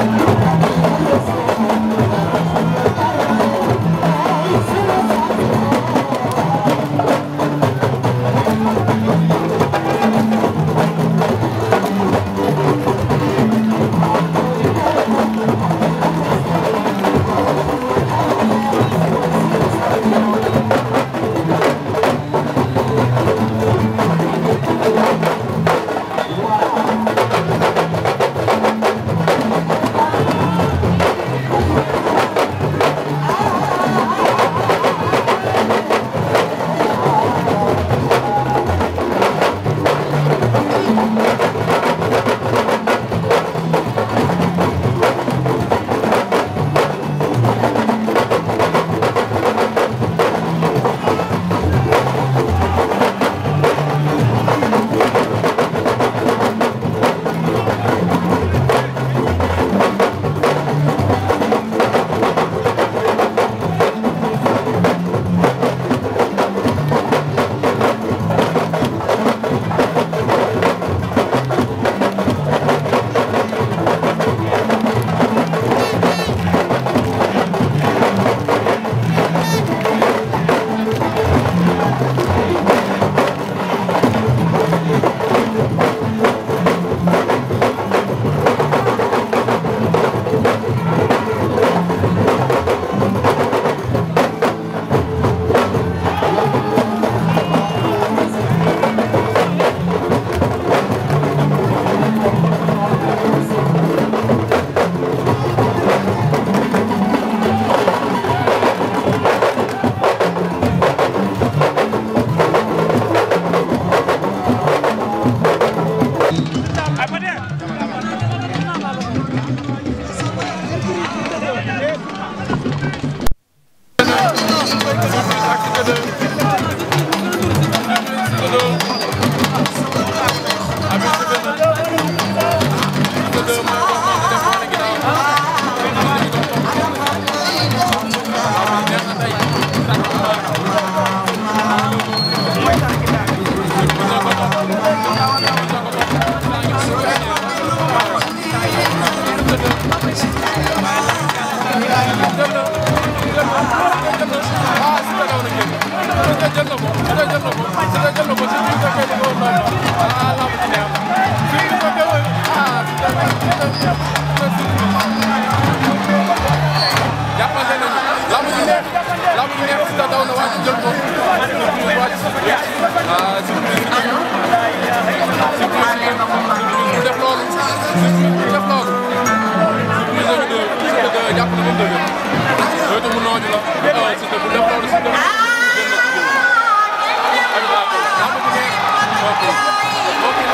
Thank you.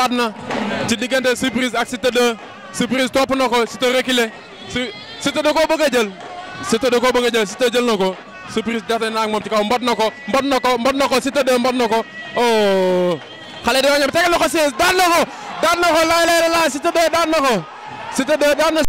ñëwaat na ci diggante surprise ak Siteu 2 surprise topp na ko Siteu reculé Siteu da koo bëgg a jël Siteu da koo bëgg a jël Siteu ko surprise jafe na ak moom ci kaw mbot na ko mbot na ko mbot na ko Siteu 2 mbot na ko oh xale dañoo ñëw tegal na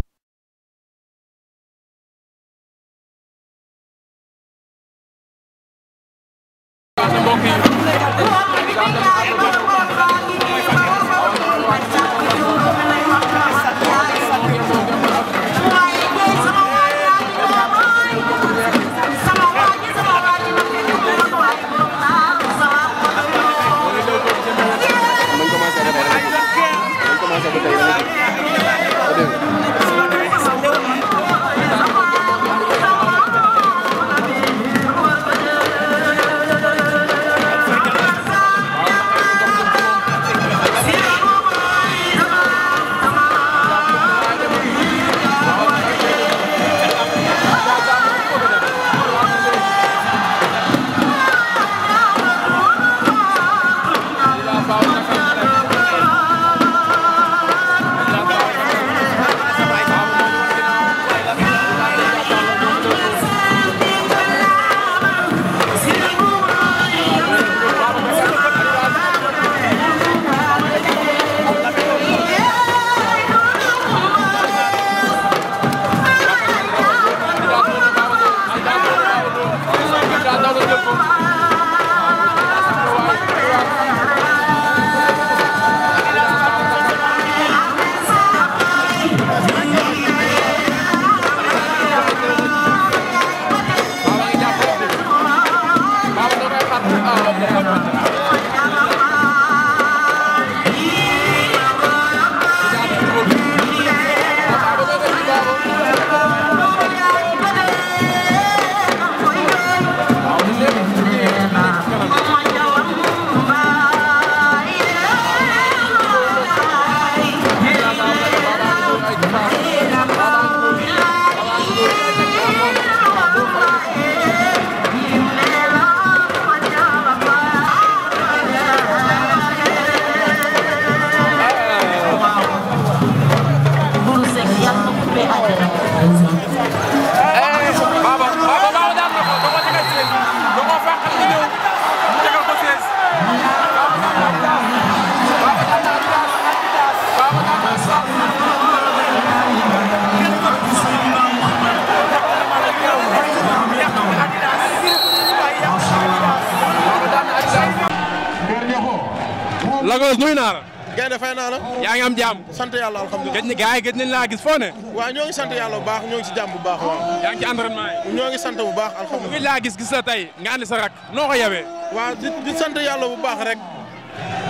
Lagos nuyu naa gaynde fay naa la. yaa ngi am jàmm. sant yàlla alhamdulilah. gëj gars yi gëj nañ laa gis foo ne. waaw ñoo ngi sant bu baax ñoo ngi si jàmm bu baax waaw. yaa ngi ci entraînement yi. ñoo ngi sant bu baax alhamdulilah. ñu laa gis gis la tey nga andi sa rak noo ko yawee. waaw di di sant yàlla bu baax rek.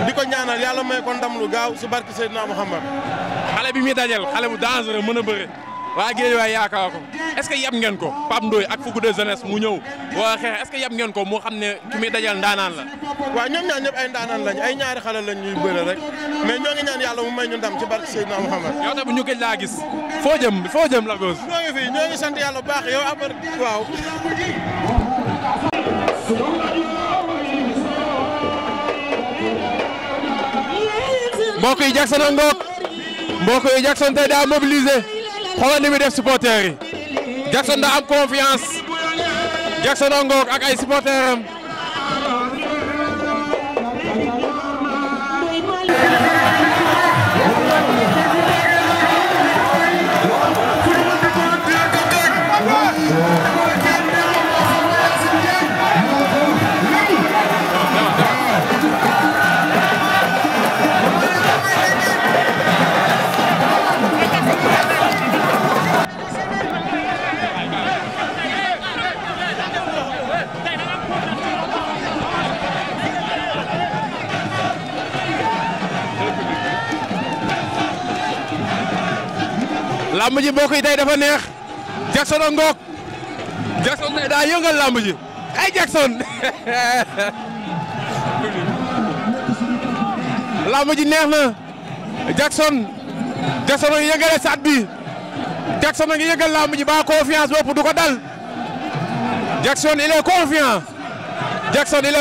di ko ñaanal yàlla may ko ndam lu gaaw si barke xam Muhammad. xale bi muy dajal xale bu dangereux mën a bëre waa géej waay yaakaar ko est-ce que yab ngeen ko Pape Ndoye ak fukki de jeunesse mu ñëw waa xeex que yab ngeen ko moo xam ne ki muy dajal ndaanaan la. waaw ñoom ñaan ñëpp ay ndaanaan lañ ay ñaari xale lañ ñuy bëre rek mais ñoo ngi ñaan yàlla mu may ñu ndam ci barke Seydina Mouhamed. yow tamit ñu gëj laa gis foo jëm foo jëm la gos. ñoo ngi baax yow abar waaw. mbokk yi Jackson a ngoog yi Jackson tey daa mobilisé. xoolal ni muy def supporters yi Jackson daa am confiance Jackson a ngoog ak ay supporters am làmb ji mbokk yi tey dafa neex Jackson a ngoog Jackson tey daa yëngal làmb ji ay Jackson làmb ji neex na Jackson Jackson a ngi yëngale saat bi Jackson a ngi yëngal làmb ji ba confiance bopp du ko dal Jackson il est confiant Jackson il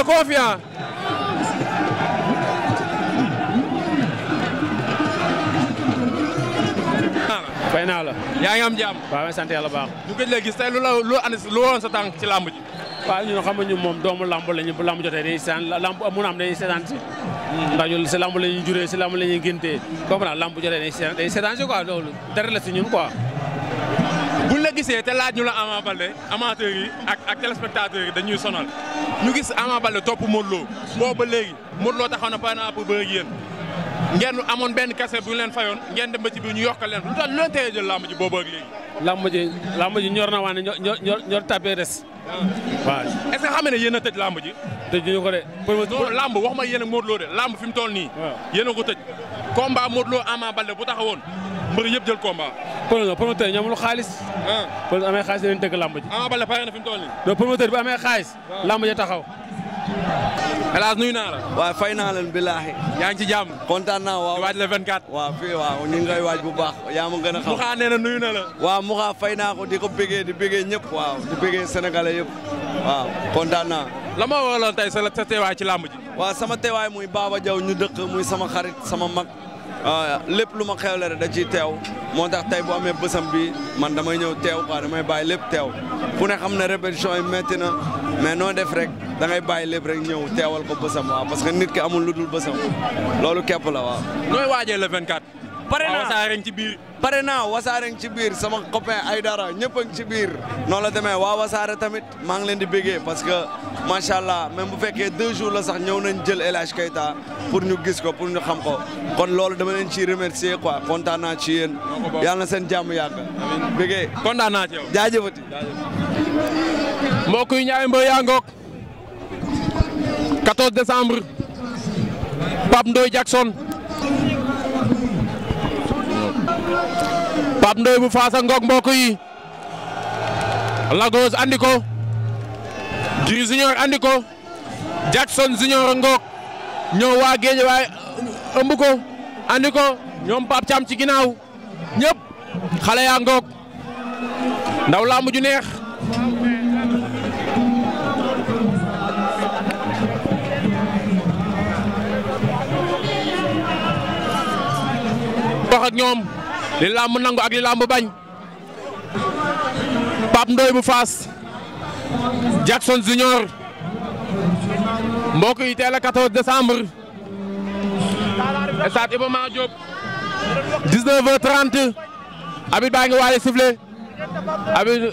fay naa la. yaa ngi am jàmm. waaw ma sant yàlla baax. ñu la gis tey lu la lu andi lu woon sa tànk ci làmb ji. waaw xam nga ñu moom doomu làmb lañu bu làmb jotee dañuy seetaan làmb mun a am dañuy seetaan si. Hmm. ndax ñun si làmb la ñuy si làmb la ñuy géntee. comme daal làmb jotee dañuy seetaan dañuy seetaan si quoi loolu dara la si gisee te laaj ñu la Ama Baldé amateurs yi ak ak téléspectateurs yi dañuy sonal ñu gis Ama ba topp Modou Lo boobu ba léegi Modou Lo taxaw na pare naa pour ngeen amoon benn kese bu leen fayoon ngeen dem ci biir ñu yokkal leen lu tax lu leen teye jël làmb ji boobu ak léegi. làmb ji làmb ji ñor na waane ñor ñor ñor tapé res. waaw est que xam ne yéen a tëj làmb ji. tëj ñu ko de. non làmb wax ma yéen ak Modou Lo de làmb fi mu toll nii. waaw yéen a ko tëj. combat Modou Lo Ama bu taxawoon. mbër yëpp jël combat. promoteur promoteur ñoom lu xaalis. Ah. promoteur amee xaalis dinañ tëgg làmb ji. Ama Baldé pare na fi mu toll nii. donc promoteur bi amee xaalis. Ah. làmb ja taxaw hélas nuyu naa la. waaw fay naa leen billaahi. yaa ngi ci jàmm. kontaan naa waaw waaj la 24. waaw waaw ñu ngi koy waaj bu baax yaa ma gën xam. Mouha nee na nuyu na la. waaw Mouha fay naa ko di ko bégee di bégee ñëpp. waa di bégee sénégalais yëpp waaw kontaan naa. la ma te tey sa teewaay ci làmb ji. waaw sama teewaay muy Baba jaw ñu dëkk muy sama xarit sama mag. Euh, lépp lu ma xewle rek da ciy teew moo tax tey bu amee bësam bi man damay ñëw teew quoi damay bàyyi lépp teew ku ne xam na répétition yi métti na mais noo def rek da ngay bàyyi lépp rek ñëw teewal ko bësam waaw parce que nit ki amul lu dul bësam loolu képp la waaw. nooy waajee le 24. pare naa waaw saa ci biir. pare naa wasaare ngi ci biir sama copain ay dara ñëpp a ngi biir noonu la demee waa wasaare tamit maa ngi leen di béggee parce que macha allah même bu fekkee deux jours la sax ñëw nañ jël El Hadj Keita pour ñu gis ko pour ñu xam ko kon loolu dama leen ciy remercier quoi kontaan naa ci yéen yàlla na seen jàmm yàgg béggee kontaan naa ci yow jaajëfati yaa ngoog 14 décembre Pape Jackson Pape Ndoye bu Fass a ngoog mbokk yi Lagos andi ko Gris Junior andi ko Jackson ngoog ñoo waa géej waaye ëmb ko ñoom Pape Thiam ci ginnaaw ñëpp xale yaa ngoog ndaw laa mujj neex wax ñoom li làmb nangu ak li làmb bañ Pape Ndoye bu Faas Jackson Junior mbokk yi teel a 14 décembre stade Iba Mar Diop 19h30 Habib baa ngi waale sifflé Habib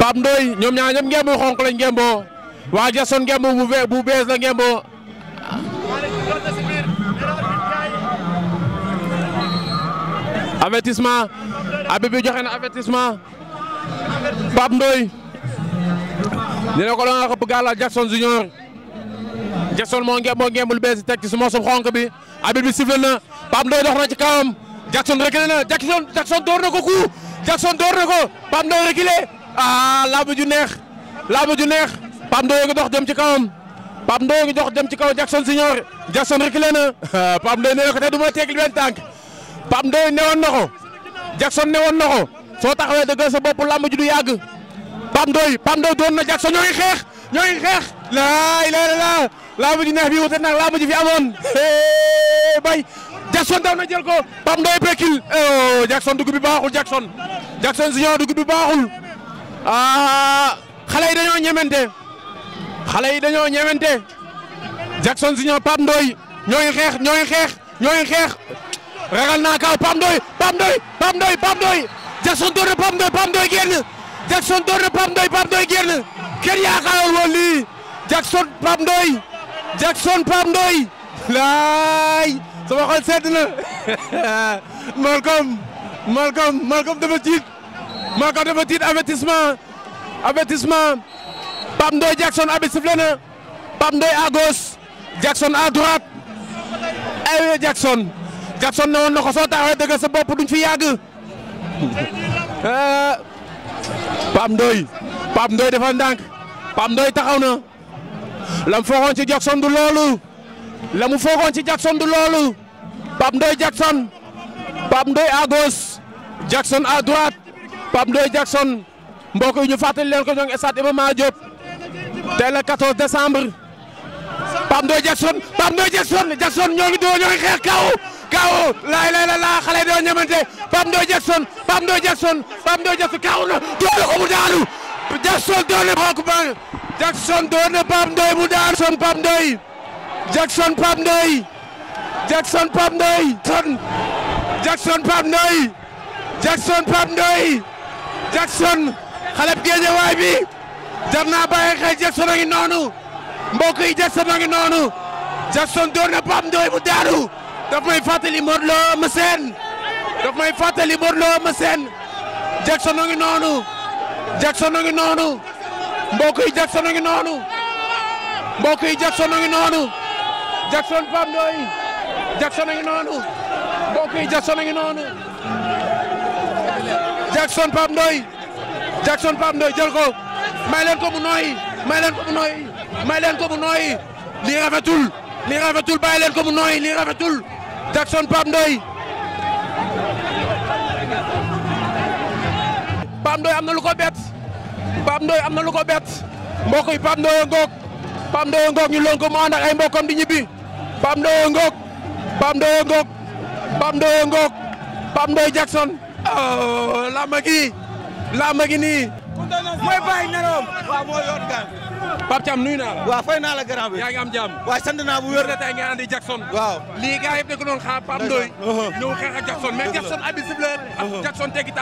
Pape Ndoye ñoom ñaar ñëpp ngemb bu xonq lañ ngemboo waa Jackson ngemb bu bees la ngemboo avertissement Habib bi joxe na avertissement Pape Ndoye dina ko doon xëpp gàllal Jackson Junior Jackson moo ngeem moo ngeemul bees teg ci suma sum xonk bi Habib bi sifflé na Pape Ndoye dox na ci kawam Jackson reculé na Jackson Jackson door na ko ku Jackson door na ko Pape Ndoye reculé ah laabu ju neex laabu ju neex Pape Ndoye ngi dox dem ci kawam Pape Ndoye ngi dox dem ci kaw Jackson Junior Jackson reculé na Pape Ndoye nee na ko tey du ma tegli benn tànk Pape Ndoye newoon na ko Jackson newoon na ko soo taxawee dëggal sa bopp làmb ji du yàgg Pape Ndoye Pape Ndoye doon na Jackson ñoo xeex ñoo ngi xeex laa ilaaha illallaah làmb ji neex bi wute nag làmb ji fi amoon bay Jackson daw na jël ko Pape Ndoye pekil oh Jackson dugub bi baaxul Jackson Jackson si ñoo dugub bi baaxul ah xale yi dañoo ñemente xale yi dañoo ñemente Jackson si ñoo Pape Ndoye ñoo xeex ñoo xeex ñoo xeex. ragal naa kaw Pape Ndoye Pape Ndoye Pape Ndoye Pape Ndoye Jackson door na Pape Ndoye Pape Ndoye Jackson door na Pape Ndoye Pape Ndoye génn kenn yaakaaroon woon Jackson Pape Ndoye Jackson Pape Ndoye laay sama xol sedd na Malcom Malcom Malcom dafa tiit Malcom Jackson abi sifle na Pape Ndoye Jackson à droite Jackson Jackson ne woon na ko soo taxawee dëgg sa bopp duñ fi yàgg. Eh, Pape Ndoye Pape Ndoye dafa ndànk Pape Ndoye taxaw na lam foogoon ci Jackson du loolu la mu foogoon ci Jackson du loolu Pape Ndoye Jackson Pape Ndoye à gauche Jackson à droite Pape Ndoye Jackson mbokk yi ñu fàttali leen ko ñoo ngi stade Iba Mar Diop tey le 14 décembre Pape Jackson Pape Ndoye Jackson Jackson ñoo ngi doo ñoo ngi xeex kawo laay laay la laa xale doo ñamante Pape Ndoye Jackson Pape Ndoye Jackson Pape Ndoye Jackson kaw na doo na ko mu daanu Jackson doo na ko ba Jackson doo na Pape Ndoye mu daanu Jackson Pape Ndoye Jackson Pape Ndoye Jackson Pape Ndoye Jackson Pape Ndoye Jackson Pape Ndoye Jackson xale bu Guédiawaye bi jar naa bàyyi xel Jackson a ngi noonu mbokk yi Jackson a ngi noonu Jackson doo na Pape Ndoye mu daanu daf may fàttali Modou Lo Eumeu Sène daf may fàttali Modou Lo Eumeu Sène Jackson a ngi noonu Jackson a ngi noonu mbokk yi Jackson a ngi noonu mbokk yi Jackson a ngi noonu Jackson Pape Ndoye Jackson a ngi noonu mbokk yi Jackson a ngi noonu Jackson Pape Ndoye Jackson Pape Ndoye jël ko may leen ko mu nooyi may leen ko mu nooyi may leen ko mu nooyi lii rafetul lii rafetul bàyyi leen ko mu nooy lii rafetul Jackson Pape Ndoye Pape Ndoye am na lu ko bett Pape am na lu ko mbokk yi Pape Ndoye ngoog Pape Ndoye ngoog ñu ko mu ànd ak ay mbokkam di ñibbi Pape Ndoye ngoog Pape Ndoye ngoog Pape Ndoye ngoog Pape Ndoye Jackson oh, laa ma gi laa ma gi nii mooy bàyyi neroom waaw moo yoon gaan Pape naa la. waaw fay naa la grand bi. yaa ngi bu wér. bu waaw lii gars yëpp da ko doon xaar Pape Ndoye. Uh-huh. ñëw xeex ak Jackson mais Jackson abi sifflé. Uh-huh. Jackson teggi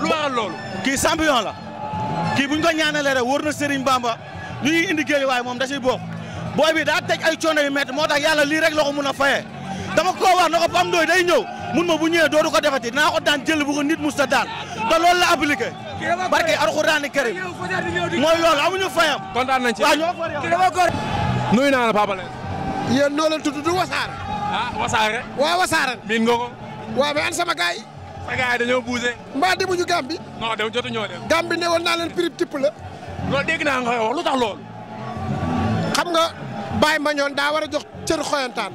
lu waral loolu. kii champion la kii bu ñu ko ñaanalee rek wóor na Serigne Bamba ñu ngi waaye moom da ciy bokk booy bi daa teg ay coono yu métti moo tax yàlla lii rek la ko mun a dama ko wax na ko Pape Ndoye day ñëw mun ma bu ñëwee dootu ko defati naa ko daan jël bu nit mus a daan te loolu la appliqué barke alxuraani karim mooy loolu amuñu fayam. kontaan nañ ci waaw ñoo for yow. nuyu naa la Papa Leye. yéen noo leen tudd du wasaare. ah wasaare. waaw wasaare. miin sama gars mbaa demuñu Gambie. non dem jotu ne woon naa leen prix tipp la. dégg naa nga koy lu tax nga Baye Mañoon daa war a jox cër xoyantaan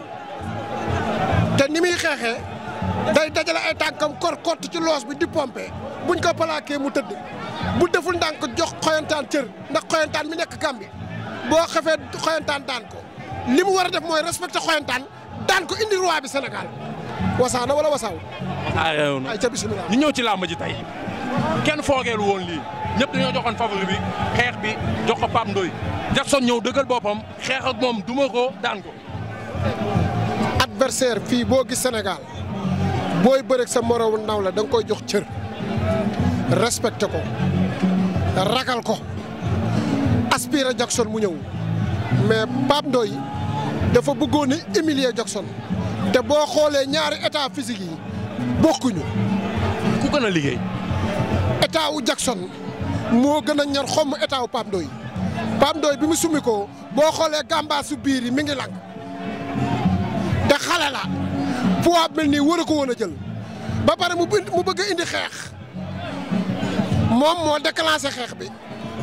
te ni muy xeexee day dajale ay tànkam kor kott ci loos bi di pompé. bu buñ ko plaqué mu tëdd bu deful ndànk jox xoyantaan cër ndax xoyantaan mi nekk kam bi boo xefee xoyantaan daan ko war a def mooy respecté xoyantaan daan ko indi roi bi Sénégal wasaana wala wasaaw. ay ca bisimilah ñu ñëw ci làmb ji tey kenn foogeel woon lii ñëpp dañoo joxoon favori bi xeex bi jox ko Pape Ndoye Jackson ñëw dëggal boppam xeex ak moom duma ko daan ko. adversaire fii boo gis Sénégal booy bëreeg sa moromu ndaw la da koy jox cër. respecté ko ragal ko aspiré Jackson mu ñëw mais Pape ndoy dafa bëggoon a humilier te boo xoolee ñaari état physique yi bokkuñu. ku gën a liggéey. état wu Jackson moo gën a ñar xomm état wu Pape Ndoye Pape Ndoye bi mu summi ko boo xoolee gàmbaasu biir yi mi ngi lang te xale la poids mel nii war a ko woon a jël ba pare mu bëgg a indi xeex. moom moo déclenché xeex bi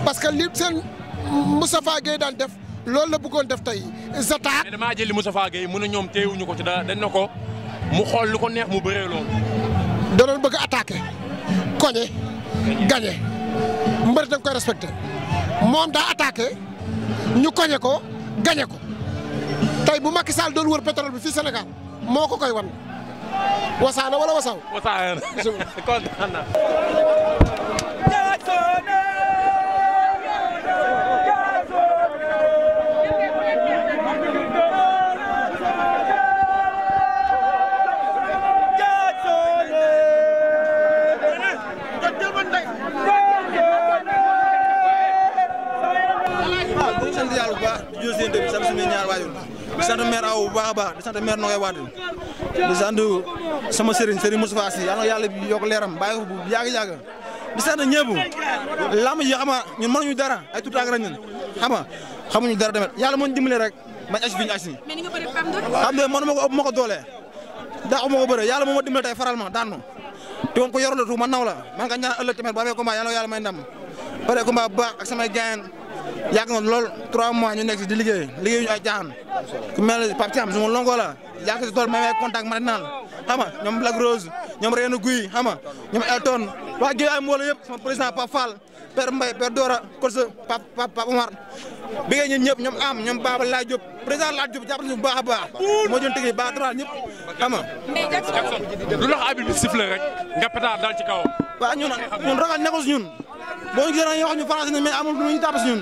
parce que li seen Moustapha Gueye daan def loolu la bëggoon def tey Zata. mais damaa jëli Moustapha Gueye mu ne ñoom téyewuñu ko ci dara dañ na ko mu xool lu ko neex mu bëree loolu. da doon bëgg a attaqué. koñe gañe mbër da koy respecté moom daa attaqué ñu koñe ko gañe ko tey bu Macky Sall doon wër pétrole bi fii senegal moo ko koy wan wasaana wala wasaaw. wasaana kontaan na baax a baax di sant maire Nogaye Wade di sant sama sëriñ sëriñ Moustapha Sy yàlla yàlla yokk leeram bàyyi ko bu yàgg yàgg di sant ñëpp lamb yi xam nga ñun mënuñu dara ay tout ak ñun xam xamuñu dara tamit yàlla moo ñu rek ma as fi ñu as nii. mais ni nga bëri doole. PAM doole mënu ma ko ëpp doole daaw ma ko bëre yàlla moo ma dimbale faral ma daan ma te woon ko yorul tuuti ma naw la man nga ñaan ëllëg tamit ba amee combat yàlla yàlla may ndam pare combat bu baax ak samay gain lool trois mois ñu nekk di liggéey liggéey ñu ay jaaxan ku mel ne Pape Thiam su ma longoo la yàgg si tool may may contact ma naan xam ñoom Black ñoom reenu guy xam nga ñoom Elton waa Guèye Mbooloo yëpp sama président Pape Fall père Mbaye père Dora Kosa Pape Pape Omar bëggee ñun ñëpp ñoom am ñoom Baba Laaj Diop président Laaj Diop jàpp nañu bu baax a baax moo doon tëggee baax a ñëpp xam nga. lu tax arbitre bi sifflé rek nga pétard dal kaw kawam. waaw ñun ñun ragal nekkul si ñun boo ñu gisee wax ñu français mais amul lu ñu tàpp si ñun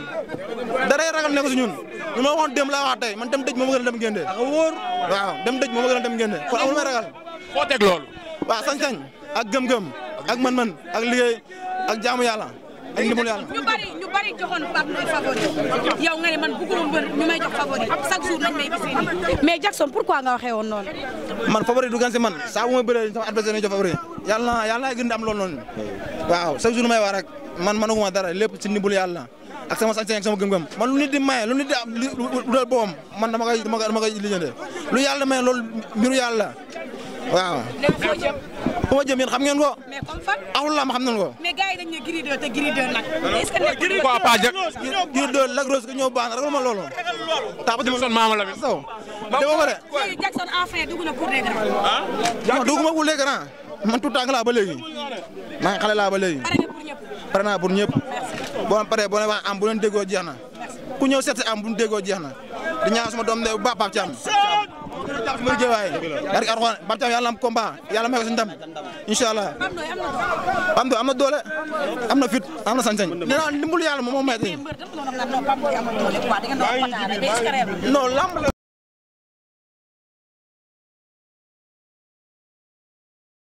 dara ragal nekkul si ñun ñu ma waxoon dem laa wax man dem dëj moom gën a dem génne. ak ah, wóor waaw dem dëj a dem génne kon amul may loolu. waaw sañ-sañ ak gëm-gëm ak mën-mën ak liggéey ak jaamu yàlla ak ndimbalu yàlla. ñu bari ñu bari joxoon Pape Ndoye favori man bëgguloo mbër ñu woon noonu. man favori du gan si man saa bu ma bëree sama adversaire ñu jox favori yàlla na yàlla naa gën di am loolu noonu waaw chaque jour may wax rek man managuma dara lépp ci ndimbalu yàlla ak sama sañ-sañ ak sama gëm-gëm man lu nit di maye lu nit di am lu dal boobam man dama koy dama koy lijjante lu yàlla maye loolu mbiru yàlla waaw. foo jëm yéen xam ngeen ko. mais comme fan. laa ma xam nañ ko. mais gars yi dañ ne Gris 2 te Gris ma loolu. taxaw Jackson maama la. Sow déggoo ko de. Jackson enfin dugg na pour ah? man tout ba léegi maa ngi laa ba léegi. pare naa pour ñëpp. boo paree boo ne wax am bu leen déggoo jeex na. ku ñëw seet si am bu ñu jeex na di ñaar sama doom ndey bu baax Pape Thiam mbër Géewaay barke Alxuraan bam tam yàlla am combat yàlla may ko si ndam incha allah Pape Ndoye am na doole am na fit am na sañ-sañ nee naa ndimbalu yàlla moom moo may tey non lamb la